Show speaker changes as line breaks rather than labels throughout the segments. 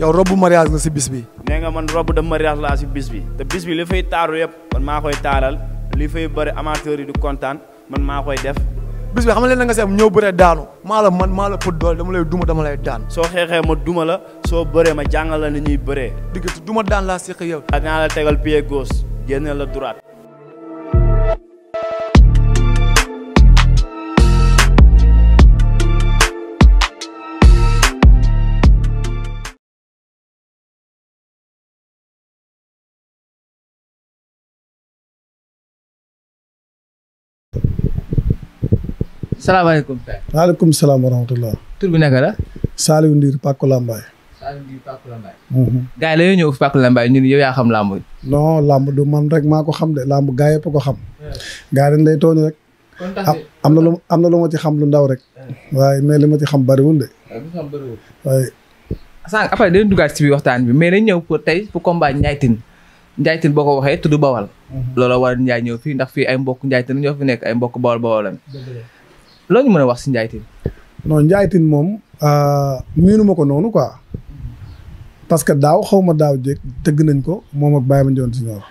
yow robu mariage la si bis bi. nee nga man robu de mariage laa si bis bi te bis bi li fay taaru yëpp man maa koy taaral li fay bëri amateurs yi du kontaan man maa koy def. bis bi xam nga leen nga seet ñëw bëree daanu maa la man maa la pët doole dama lay duma dama lay daan. soo xeexee ma duma la soo baree ma jàngal la ni ñuy bëree. diggante duma daan laa seq yow. dinaa la tegal pied gauche génne la droite. salaamaaleykum. waaleykum salaam wa rahmatulah. tur bi naka la.
Saliou Ndir Pàkku Lambaay.
Saliou Ndir Pàkku Lambaay. Mhm. gars yi la ñuy ñëw fi Pàkku Lambaay ñun yow yaa xam làmb.
non làmb du man rek maa xam de làmb gaa yëpp ko xam. gaa dañ lay tooñ rek. Ah, am na lu am na lu ma ci xam lu ndaw rek. waaye mais li ma ci xam bariwul de.
waaye. sànq après dañu duggaat ci waxtaan bi mais dañ ñëw pour tey pour combat Ndiaye Tine Ndiaye Tine boo ko waxee tudd Bawal. Mhm. looloo waral Ndiaye ñëw fii ndax fii ay mbokk Ndiaye Tine ñoo fi nekk ay mbokk Bawal Bawalan loo ñu wax si Ndiaye Tine.
non Ndiaye Tine moom euh, miinu ma ko noonu quoi parce que daaw xaw ma daaw jéeg tëgg nañ ko moom ak Baye Mandione Junior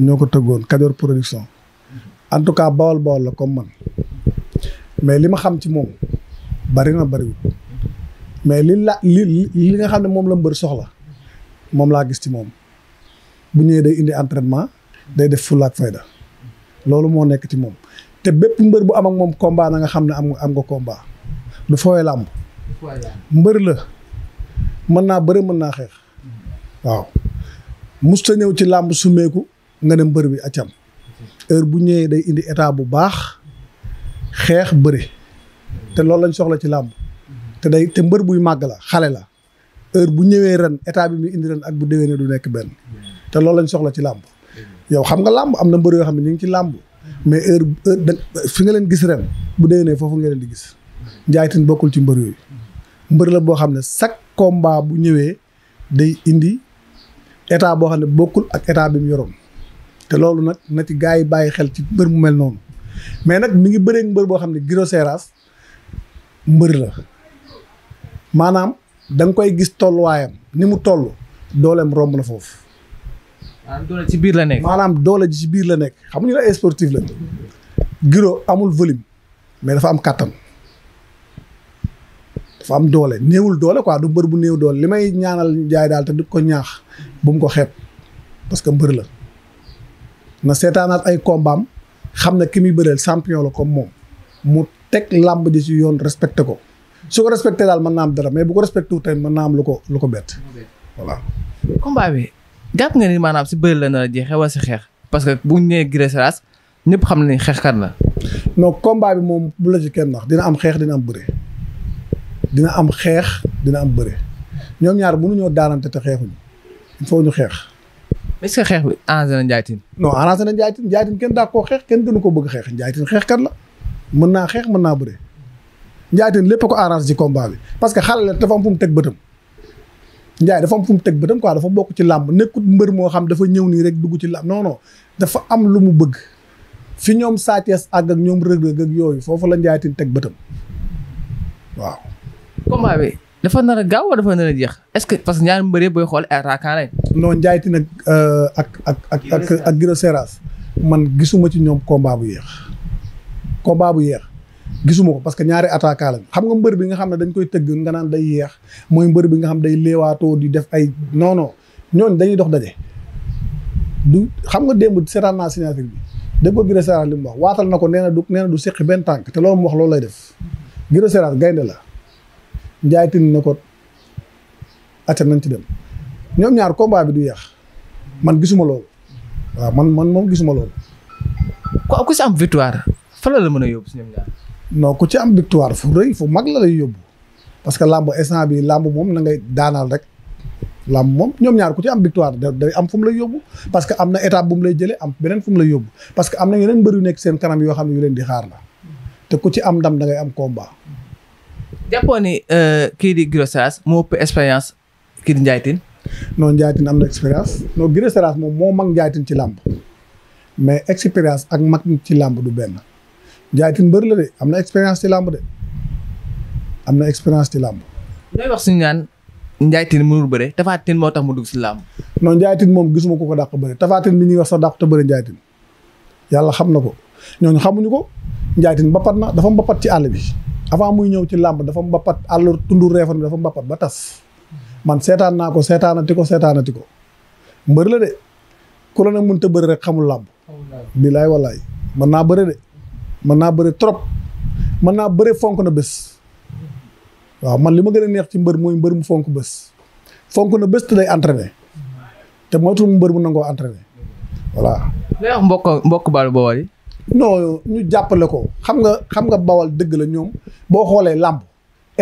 ñoo ko tëggoon Kajoor production. en tout cas bawal bawal la comme man mais li ma xam ci moom bari na bariwul mais li la li li nga xam ne moom la mu mbër soxla moom laa gis ci moom bu ñëwee day indi entraînement day def fulla ak fayda loolu moo nekk ci moom te bépp mbër bu am ak moom combat na nga xam ne am am nga combat du fooy làmb mbër la mën naa bëre mën naa xeex waaw musta ñëw ci làmb summeeku nga ne mbër bi acam heure bu ñëwee day indi état bu baax xeex bëre te loolu lañ soxla ci làmb te day te mbër buy màgg la xale la heure bu ñëwee ren état bi muy indi ren ak bu dewee déwénee du nekk benn te loolu lañ soxla ci làmb yow xam nga làmb am na mbër yoo xam ne ñu ngi ci làmb mais heure heure da fi nga leen gis ren bu déwénee foofu nga leen di gis Ndiaye Tine bokkul ci mbër yooyu mbër la boo xam ne chaque combat bu ñëwee day indi état boo xam ne bokkul ak état bi mu yoroon te loolu nag na ci gars yi bàyyi xel ci mbër mu mel noonu mais nag mi ngi bëree mbër boo xam ne Guiro mbër la maanaam danga koy gis tolluwaayam ni mu toll dooleem romb na foofu maanaam doole ci biir la nekk. maanaam doole ji ci biir la nekk xam nga ñu ne sportif la. Giro amul volume mais dafa am kàttan dafa am doole néewul doole ko du mbër bu néew doole li may ñaanal jaay daal te di ko ñaax bu mu ko xeeb parce que mbër la na seetaanaat ay kombaam xam ne ki muy bëreel champion la comme moom mu teg làmb ji ci yoon respecté ko su ko respecté daal mën naam dara mais bu ko respecté wu tamit mën naa am lu ko lu ko bett
jàpp nga ni maanaam si bëri la nar a jeexee wala si xeex parce que bu ñu nee Guiro Seras ñëpp xam nañ xeexkat la.
non combat bi moom bu la ci wax dina am xeex dina am bëre dina am xeex dina am bëre ñoom ñaar mënuñoo daanante te xeexuñu il faut ñu xeex. est ce que xeex bi arrangé na Ndiaye na Ndiaye Tine kenn daa koo xeex kenn gënu ko bëgg xeex Ndiaye Tine xeexkat la mën naa xeex mën naa bëre Ndiaye Tine lépp a ko arrangé ci combat bi parce que xale la dafa am fu mu teg bëtam. Ndiaye dafa am fu mu teg bëtam quoi dafa bokk ci làmb nekkut mbër moo xam dafa ñëw nii rek dugg ci làmb non dafa am lu mu bëgg fi ñoom Sa Thiès
àgg ak ñoom Reug
Reug ak yooyu foofu la Ndiaye Tine teg bëtam
waaw. combat bi dafa nar a gaaw wala dafa nar a jeex est-ce que parce que ñaar mbër yëpp booy xool ay raakaan lañ. non Ndiaye
nag euh, ak ak ak man gisuma ci ñoom combat bu yéex combat bu yéex. gisuma ko parce que ñaari attaquant lañ xam nga mbër bi nga xam ne dañ koy tëgg nga naan day yeex mooy mbër bi nga xam day leewaatoo di def ay non non dañuy dox daje du xam nga démb seetaan naa signature bi dégg ko Guiro Séras waatal na ko nee du nee du seqi benn tànk te loolu mu wax loolu lay def Guiro Séras la Ndiaye Tine ko acca nañ ci dem ñoom ñaar combat bi du man gisuma loolu waaw man man moom gisuma loolu.
ku si am victoire fa la la mën a yóbbu si ñoom ñaar.
non ku ci am victoire fu rëy fu mag la lay yóbbu parce que làmb instant bi làmb moom na ngay daanal rek làmb moom ñoom ñaar ku ci am victoire day am fu mu lay yóbbu parce que am na état bu lay jëlee am beneen fu mu lay yóbbu parce que am na yeneen mbër yu nekk seen kanam yoo xam ne yu leen di xaar la te ku ci am ndam dangay ngay am combat.
jàppoon ni euh, kii di Guiro moo ëpp expérience kii di Ndiaye Tine.
non Ndiaye Tine am na expérience non Guiro moom moo ma Ndiaye ci làmb mais expérience ak mag ci làmb du benn. jaaytin mbër la de am na expérience ci làmb de am na expérience ci làmb.
looy wax suñu naan njaaytin mënul bëre moo tax mu dugg ci làmb.
non njaaytin moom gisuma ko ko dàq bëre tafaatin bi ñuy wax sax dàq te bëre njaaytin yàlla xam na ko ñooñu xamuñu ko njaaytin mbapat na dafa mbapat ci àll bi avant muy ñëw ci làmb dafa mbapat àll tundu reefan bi dafa mbapat ba tas man seetaan naa ko seetaanati ko seetaanati ko mbër la de ku la na mënta rek xamul làmb. mën naa bëre trop mën naa bëre fonk na bés waaw man li ma gën a neex ci mbër mooy mbër mu fonk bés fonk na bés te day te moytu mu mbër mu nangoo entraîné
voilà. day wax mbokk mbokk baalu bawal yi.
noo ñu jàppale ko xam nga xam nga bawal dëgg la ñoom boo xoolee làmb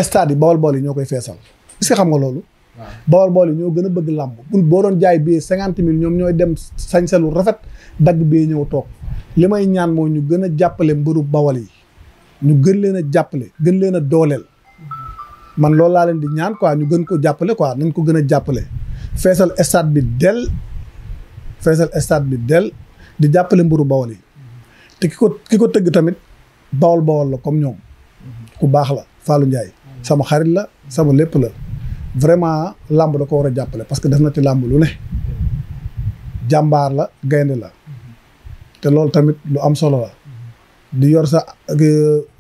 stade yi bawal bawal yi ñoo koy feesal est xam nga loolu. waaw bawal bawal yi ñoo gën a bëgg làmb boo doon jaay billet cinquante mille ñoom ñooy dem sañselu rafet dagg billet ñëw toog. li may ñaan moo ñu gën a jàppale mbëru bawal yi ñu gën leen a jàppale gën leen a dooleel man loolu laa leen di ñaan quoi ñu gën ko jàppale quoi nañ ko gën a jàppale feesal stade bi del feesal stade bi del di jàppale mbëru bawal yi te ki ko ki ko tëgg tamit bawal bawal la comme ñoom ku baax la Fallou Ndiaye sama xarit la sama lépp la vraiment làmb da ko war a jàppale parce que def na ci làmb lu ne jàmbaar la gaynde la te loolu tamit lu am solo la di yor sa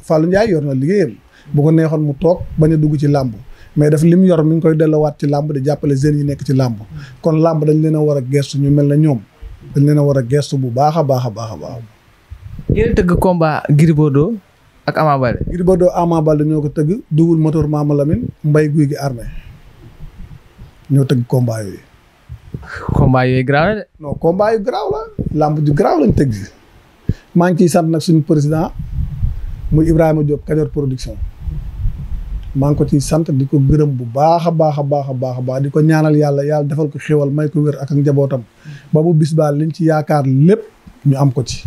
Fallou Ndiaye yor na liggéeyam bu ko neexoon mu toog bañ a dugg ci làmb mais daf lim yor mi ngi koy delluwaat ci làmb di jàppale jeunes yi nekk ci làmb kon làmb dañ leen a war a gestu ñu mel na ñoom dañ leen a war a gestu bu baax a baax a baax a baax. yéen tëgg combat Gris ak Ama Baldé. Gris Bordeaux ñoo ko tëgg dugul moteur Mama Lamine mbay guy gi armé ñoo tëgg combat yi combat yooyu garaaw la de. non combat yu garaaw la lamb ju garaaw lañ tëgg maa ngi ciy sant nag suñu président muy Ibrahima Diop Kajoor production maa ngi ko ciy sant di ko gërëm bu baax a baax a baax a baax a baax di ko ñaanal yàlla yàlla defal ko xewal may ko wér ak ak njabootam ba bu bis baa liñ ci yaakaar lépp ñu am ko ci.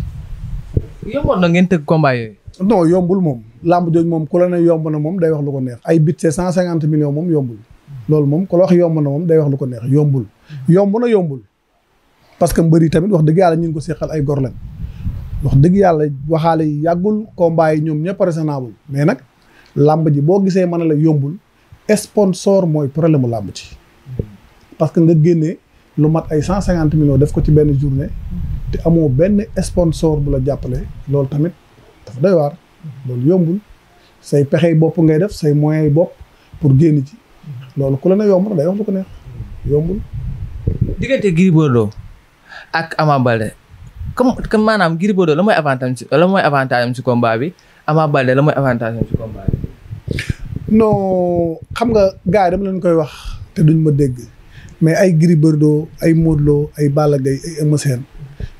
na ngeen tëgg combat yooyu. non yombul moom lamb jooju moom ku la ne yomb na moom day wax lu ko neex ay bit c'est cent cinquante millions moom yombul loolu moom ku la wax yomb na moom day wax lu ko neex yombul. yomb na yombul parce que mbër yi tamit wax dëgg yàlla ñu ngi ko seqal ay gor lañ wax dëgg yàlla waxaale yi yàggul combat yi ñoom ñëpp raisonnable mais nag làmb ji boo gisee mën la yombul sponsor mooy problème mu làmb ci parce que nga génne lu mat ay cent cinquante millions def ko ci benn journée te amoo benn sponsor bu la jàppale loolu tamit dafa doy waar loolu yombul say pexey bopp ngay def say moyens yi bopp pour génn ci loolu ku la ne yomb na day wax lu ko neex yombul
diggante Gris Bordeaux ak Ama Baldé comme comme maanaam Gris Bordeaux la mooy avantage la am ci combat bi Ama Baldé la mooy avantage am ci combat bi.
non xam nga gars yi dama leen koy wax te duñ ma dégg mais ay Gris ay Modou ay Balla ay Eumeu Sène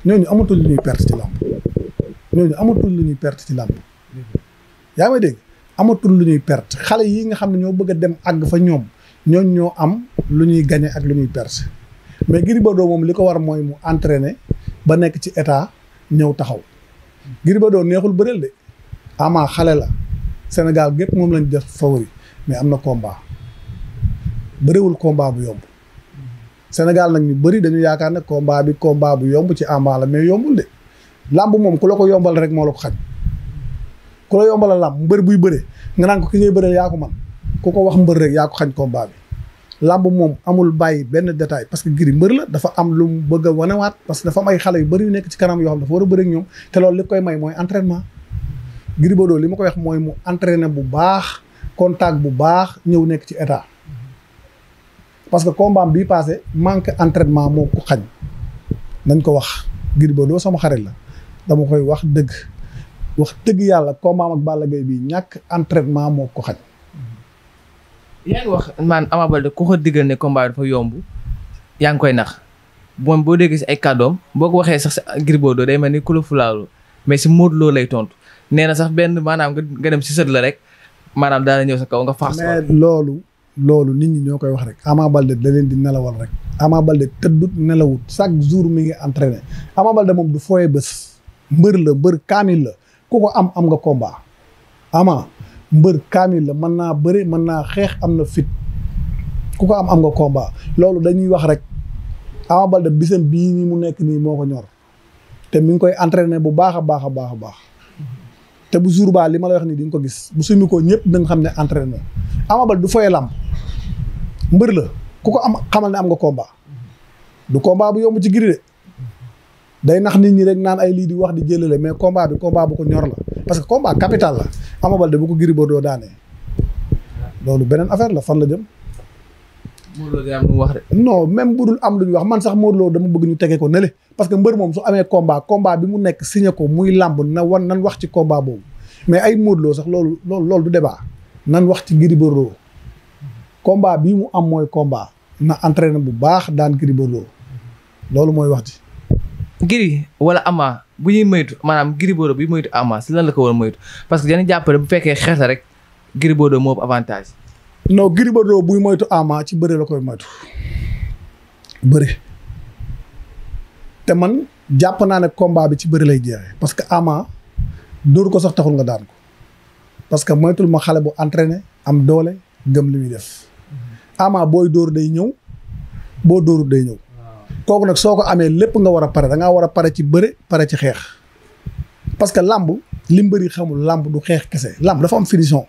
ñooñu amatul lu ñuy perte ci làmb ñooñu amatul lu ñuy perte ci làmb yaa may dégg amatul lu ñuy perte xale yi nga xam ne ñoo bëgg a dem àgg fa ñoom ñooñ ñoo am lu ñuy gañe ak lu ñuy perte. mais Gris Bordeaux moom li ko war mooy mu entraîner ba nekk ci état ñëw taxaw Gris Bordeaux neexul bëreel de ama xale la Sénégal gépp moom lañ def favori mais am na combat bëriwul combat bu yomb Sénégal nag ñu bëri dañu yaakaar ne combat bi combat bu yomb ci ama la mais yombul de làmb moom ku la ko yombal rek moo la ko xañ ku la yombal làmb mbër buy bëre nga naan ko ki ngay bëreel yaa ko man ku ko wax mbër rek yaa ko xañ combat bi làmb moom amul bàyyi benn détail parce que Gris mbër la dafa am lu mu bëgg wanewaat parce que dafa ay xale yu bëri nekk ci kanam yoo xam dafa war a bëri ak ñoom te loolu li koy may li ma koy wax mooy mu entraîné bu baax contact bu baax ñëw nekk ci état parce que combat bii passé manque entraînement moo ko xañ nañ ko wax Gris sama xarit la dama koy wax dëgg wax dëgg yàlla combat ak Balla Gaye bi ñàkk entraitement moo ko xañ
yaa ngi wax man Ama Baldé ku ko diggal ne combat dafa yomb yaa ngi koy nax moom boo déggee gis ay kàddoom boo ko waxee sax si Gris Bordeaux day mel ni ku la fulaalu mais si Modou lay tontu nee na sax benn maanaam nga si sët la rek maanaam daal ñëw sa kaw nga faas.
loolu loolu nit ñi ñoo koy wax rek Ama Baldé da leen di nelawal rek. Ama Baldé tëddut nelawut chaque jour mi ngi entraîné Ama Baldé moom du fooyee bës mbër la mbër kaamil la ku ko am am nga combat ama mbër kaamil la mën naa bëri man naa xeex am na fit ku ko am am nga komba loolu dañuy wax rek Ama Baldé bisam bii nii mu nekk nii moo ko ñor te mi ngi koy entraîné bu baax a baax a baax a baax te bu jour baa li ma la wax nii di nga ko gis bu sumi ko ñëpp da xam ne entraîné Ama Baldé du foye làmb mbër la ku ko am xamal ne am nga combat du combat bu yomb ci giri de day nax nit ñi rek naan ay lii di wax di jëlale mais combat bi combat bu ko ñor la parce que combat capital la Ama Baldé bu ko Gris Bordeaux daanee loolu beneen affaire la fan la jëm.
Modou
Lo am lu même bu dul am lu ñu wax man sax Modou Lo dama bëgg ñu tege ko ne nële parce que mbër moom su amee combat komba bi mu nekk signé ko muy làmb na wan nan wax ci combat boobu mais ay Modou Lo sax loolu loolu du débat nan wax ci Gris Bordeaux combat bii mu am mooy combat na entraîné bu baax daan Gris Bordeaux loolu mooy wax ci
Gris wala Ama. bu ñuy moytu maanaam Gris Bordeaux bi moytu Ama si lan la ko war a moytu parce que dañuy jàppale bu fekkee xeex la rek Gris Bordeaux moo avantage. non
Gris Bordeaux buy moytu Ama ci bëre la koy moytu te man jàpp naa ne combat bi ci bëre lay jeexee parce que Ama dóor ko sax taxul nga daan ko parce que moytul ma xale bu entraîné am doole gëm li muy def Ama booy dóor day ñëw boo dóorut day ñëw. kooku nag soo ko amee lépp nga war a pare da war a pare ci bëre pare ci xeex parce que làmb li mbëri xamul làmb du xeex kese làmb dafa am finition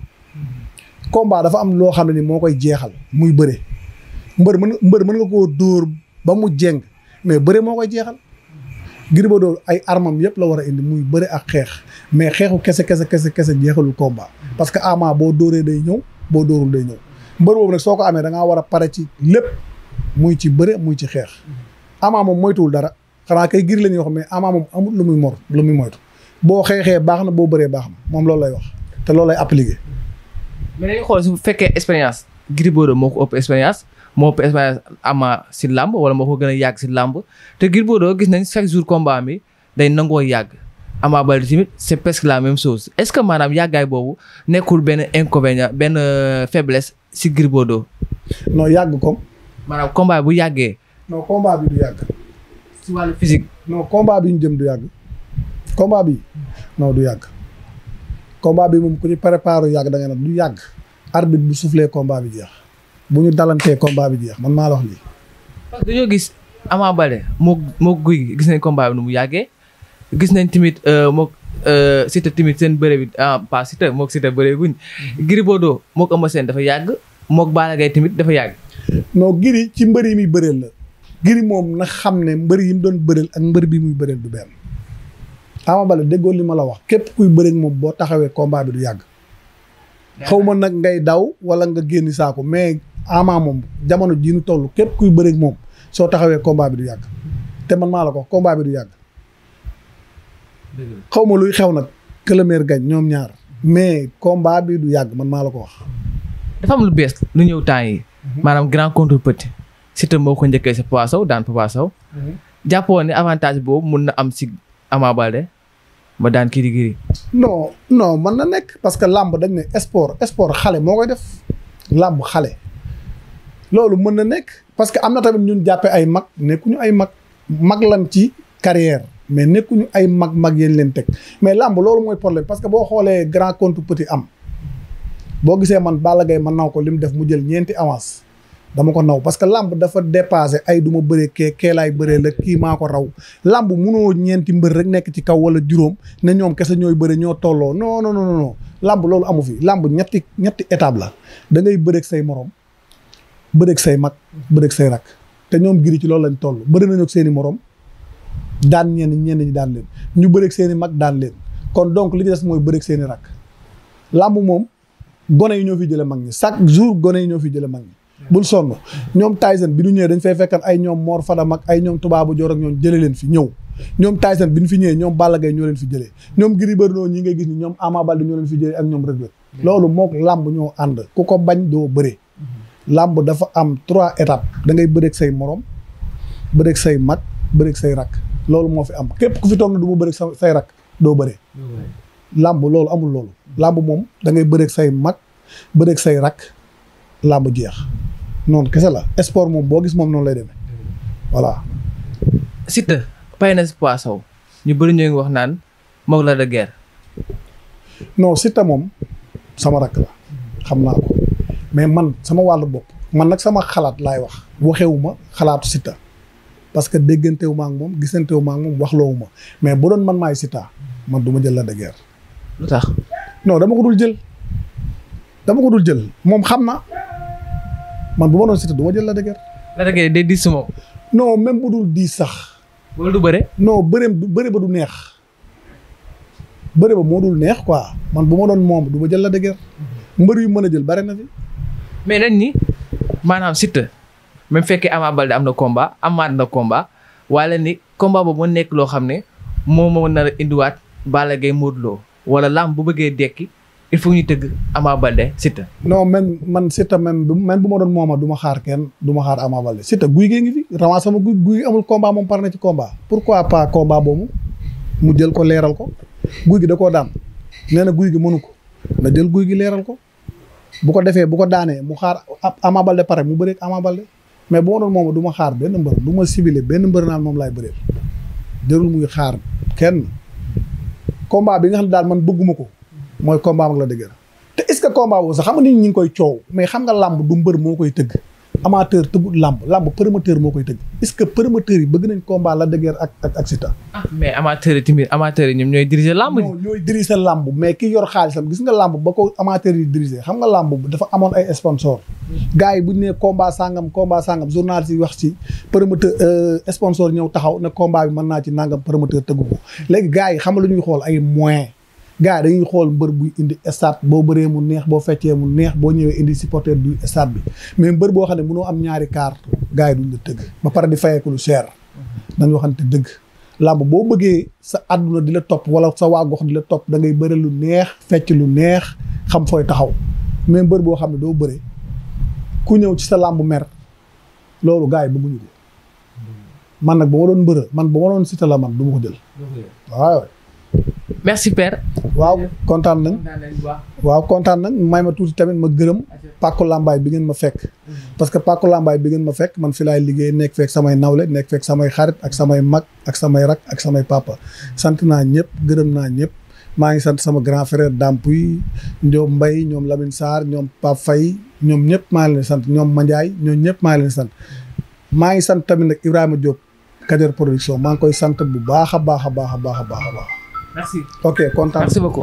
komba dafa am loo xam ne ni moo koy jeexal muy bëre mbër mën mbër mën nga dóor ba mu jeng mais bëre moo koy jeexal Gris Bordeaux ay armam yëpp la war a indi muy bëre ak xeex mais xeexu kese kese kese kese jeexalul combat parce que Ama boo dóoree day ñëw boo dóorul day ñëw mbër boobu nag soo ko amee da ngaa war a pare ci lépp muy ci bëre muy ci xeex Ama moom moytuwul dara xanaa kay giri la ñuy wax mais Ama moom lu muy mor lu muy moytu boo xeexee baax na boo bëree baax na moom loolu lay wax te loolu lay appliqué.
mais dañuy xool su fekkee expérience Gris Bordeaux moo ko ëpp expérience moo ëpp expérience Ama si làmb wala moo ko gën a yàgg si làmb te Gris Bordeaux gis nañ chaque jour combat mi day nangoo yàgg Ama Baldé tamit c' est presque la même sos est ce que maanaam yàggaay boobu nekkul benn inconvénient benn faiblesse si Gris Bordeaux. non yàgg comme. maanaam combat bu yàggee.
noo combat bi du yàgg. si wàllu physique. non combat bi jëm du yàgg. combat bi non du yàgg. combat bi moom ku yàgg da nga du yàgg. arbitre bu soufflé combat bi bu ñu dalantee combat bi jeex man maa wax lii.
parce que dañoo gis Ama Baldé mu yàggee gis nañ tamit euh, moo euh, Siteu tamit seen bëre bi ah pas Siteu moog Siteu mm-hmm. dafa yàgg moog Balla Gaye tamit dafa yàgg.
non Gris ci mbëri mi bëreel la. Gris moom na xam ne mbër yi mu doon bëreel ak mbëri bi muy bëreel du benn Ama Baldé déggoo li ma la wax képp kuy bëreeg moom boo taxawee combat bi du yàgg. ma nag ngay daw wala nga génn saako mais Ama moom jamono jii ñu toll képp kuy bëreeg moom soo taxawee combat bi yàgg te man maa la ko combat bi du yàgg. xaw ma luy xew nag que le gañ ñoom ñaar mais combat bi du yàgg man maa la ko wax.
dafa lu bees lu ñëw temps yi. Mhm. maanaam grand contre petit. Siteu moo ko njëkkee si Papa Sow daan Papa Sow. Mhm. jàppoon ne avantage boobu mun na am si Ama Baldé ma daan kii di giri.
non non mën na nekk parce que làmb dañ ne sport sport xale moo koy def làmb xale. loolu mën na nekk parce que am na tamit ñun jàppee ay mag nekkuñu ay mag mag lan ci carrière mais nekkuñu ay mag mag yéen leen teg mais làmb loolu mooy problème parce que boo xoolee grand contre petit am boo gisee man Balla Gaye mën naa ko lim def mu jël ñeenti avance. dama ko naw parce que lamb dafa dépassé ay du ma bëree kee keelaay bëree la kii maa ko raw lamb munoo ñeenti mbër rek nekk ci kaw wala juróom ne ñoom kese ñooy bëri ñoo tolloo non noo non non lamb loolu amu fi lamb ñetti ñetti étape la da ngay bëreeg say morom bëreeg say mag bëreeg say rak te ñoom giri ci loolu lañ toll bëri nañu ak morom daan ñenn ñenn ñi daan ñu bëreeg seen i mag daan leen kon donc li ci des mooy bëreeg seen i rak lamb moom gone yi ñoo fi jëlee mag ñi chaque jour gone yi ñoo fi jëlee mag ñi. bul sonn ñoom Tyson bi ñu ñëwee dañ fay fekkan ay ñoom moor Fadam ak ay ñoom Tubaabu Joor ak ñoom jële leen fi ñëw ñoom Tyson bi ñu fi ñëwee ñoom Balla Gaye ñoo leen fi jëlee ñoom Gris Bordeaux ñi ngay gis ni ñoom Ama Baldé ñoo leen fi jëlee ak ñoom Reug Reug mm-hmm. loolu mook làmb ñoo ànd ku ko bañ doo bëre mm-hmm. làmb dafa am trois étapes da ngay bëreeg say morom bëreeg say mag bëreeg say rakk loolu moo fi am képp ku fi toog na du ma bëreeg say rakk doo bëre làmb loolu amul làmb moom da ngay bëreeg say mag bëreeg say rakk làmb jeex noonu kese la sport moom boo gis moom noonu lay demee voilà.
Siteu pay na si poisson ñu bëri ñoo ngi wax naan moog la de guerre.
non moom sama rakk la xam naa ko mais man sama wàllu bopp man nag sama xalaat laay wax waxewuma xalaatu sitta parce que déggantewuma ak moom gisanteewuma ak moom waxloowuma mais bu doon man maay Siteu man du ma jël la de guerre. lu tax non dama ko dul jël dama ko dul jël moom xam na. man bu ma doon Siteu du ma jël Lac de Guiers. Lac de Guiers day diis moom. non même bu dul diis sax. wala du bëre. non bëreem du bëre ba du neex. bëre ba moo dul neex quoi man bu ma doon moom du ma jël la de mbër yu mën a jël bare na fi.
mais dañ ni maanaam Siteu même fekkee abal Baldé am na combat amaat na combat wala ni combat boobu moo nekk loo xam ne moo moo nar a indiwaat Balla Gaye Modou Lo wala lamb bu bëggee dekki. il faut ñu tëgg Ama Baldé Siteu.
non man man Siteu même même bu ma doon mooma du ma xaar kenn duma xaar Ama Baldé Siteu guy gee ngi fi ramas sama guy guy amul combat moom par na ci combat. pourquoi pas combat boobu mu jël ko leeral ko guy gi da koo daan nee guy gi mënu ko na jël guy gi leeral ko bu ko defee bu ko daanee mu xaar Ama Baldé pare mu bëreeg Ama Baldé mais bu doon mooma du ma xaar benn mbër du ma ciblé benn mbër naan moom laay bëreel jërul muy xaar kenn combat bi nga xam ne daal man bëgguma ko. mooy combat am ak la dëgër te est ce que sax xam nga nit ñi ngi koy coow mais xam nga làmb du mbër moo koy tëgg amateur tëggul làmb làmb promoteur moo koy tëgg est ce que promoteur yi bëgg nañ combat la dëgër ak ak ak
ah, mais amateur yi tamit amateur yi ñoom ñooy diriger làmb non ñooy diriger
mais ki yor xaalisam gis nga làmb ba ko amateur yi diriger xam nga làmb dafa amoon ay sponsor gars yi bu ñu nee combat sangam combat sangam journaliste yi wax ci promoteur euh, sponsor ñëw taxaw ne combat bi mën naa ci nangam promoteur tëggu ko léegi gars yi xam nga lu ñuy xool ay moyens gars yi dañuy xool mbër buy indi stade boo bëree mu neex boo feccee mu neex boo ñëwee indi supporter du stade bi mais mbër boo xam ne mënoo am ñaari kaar gars yi duñ la tëgg ba pare di fayeeku lu cher dañ te dëgg làmb boo bëggee sa àdduna di la topp wala sa waa gox di la topp dangay ngay bëre lu neex fecc lu neex xam fooy taxaw mais mbër boo xam ne doo bëre ku ñëw ci sa làmb mer loolu gars yi bëgguñu ko man nag ba ma doon mbër man ba ma doon sita la man du ko jël merci waaw kontaan nañ. waaw kontaan nañ may ma tuuti tamit ma gërëm. pàkku làmbaay bi ngeen ma fekk. parce que pàkku làmbaay bi ngeen ma fekk man fi laay liggéey nekk fekk samay nawle nekk fekk samay xarit ak samay mag ak samay rak ak samay papa. sant naa ñëpp gërëm naa ñëpp maa ngi sant sama grand frère Dampuy ñoom Mbaye ñoom lamin Sarr ñoom Pape fay ñoom ñëpp maa ngi leen sant ñoom Mandiaye ñoom ñëpp maa ngi leen sant. maa ngi sant tamit nag Ibrahima Diop Kajoor production maa ngi koy sant bu baax a baax a baax a baax a baax. merci ok kontaan merci ko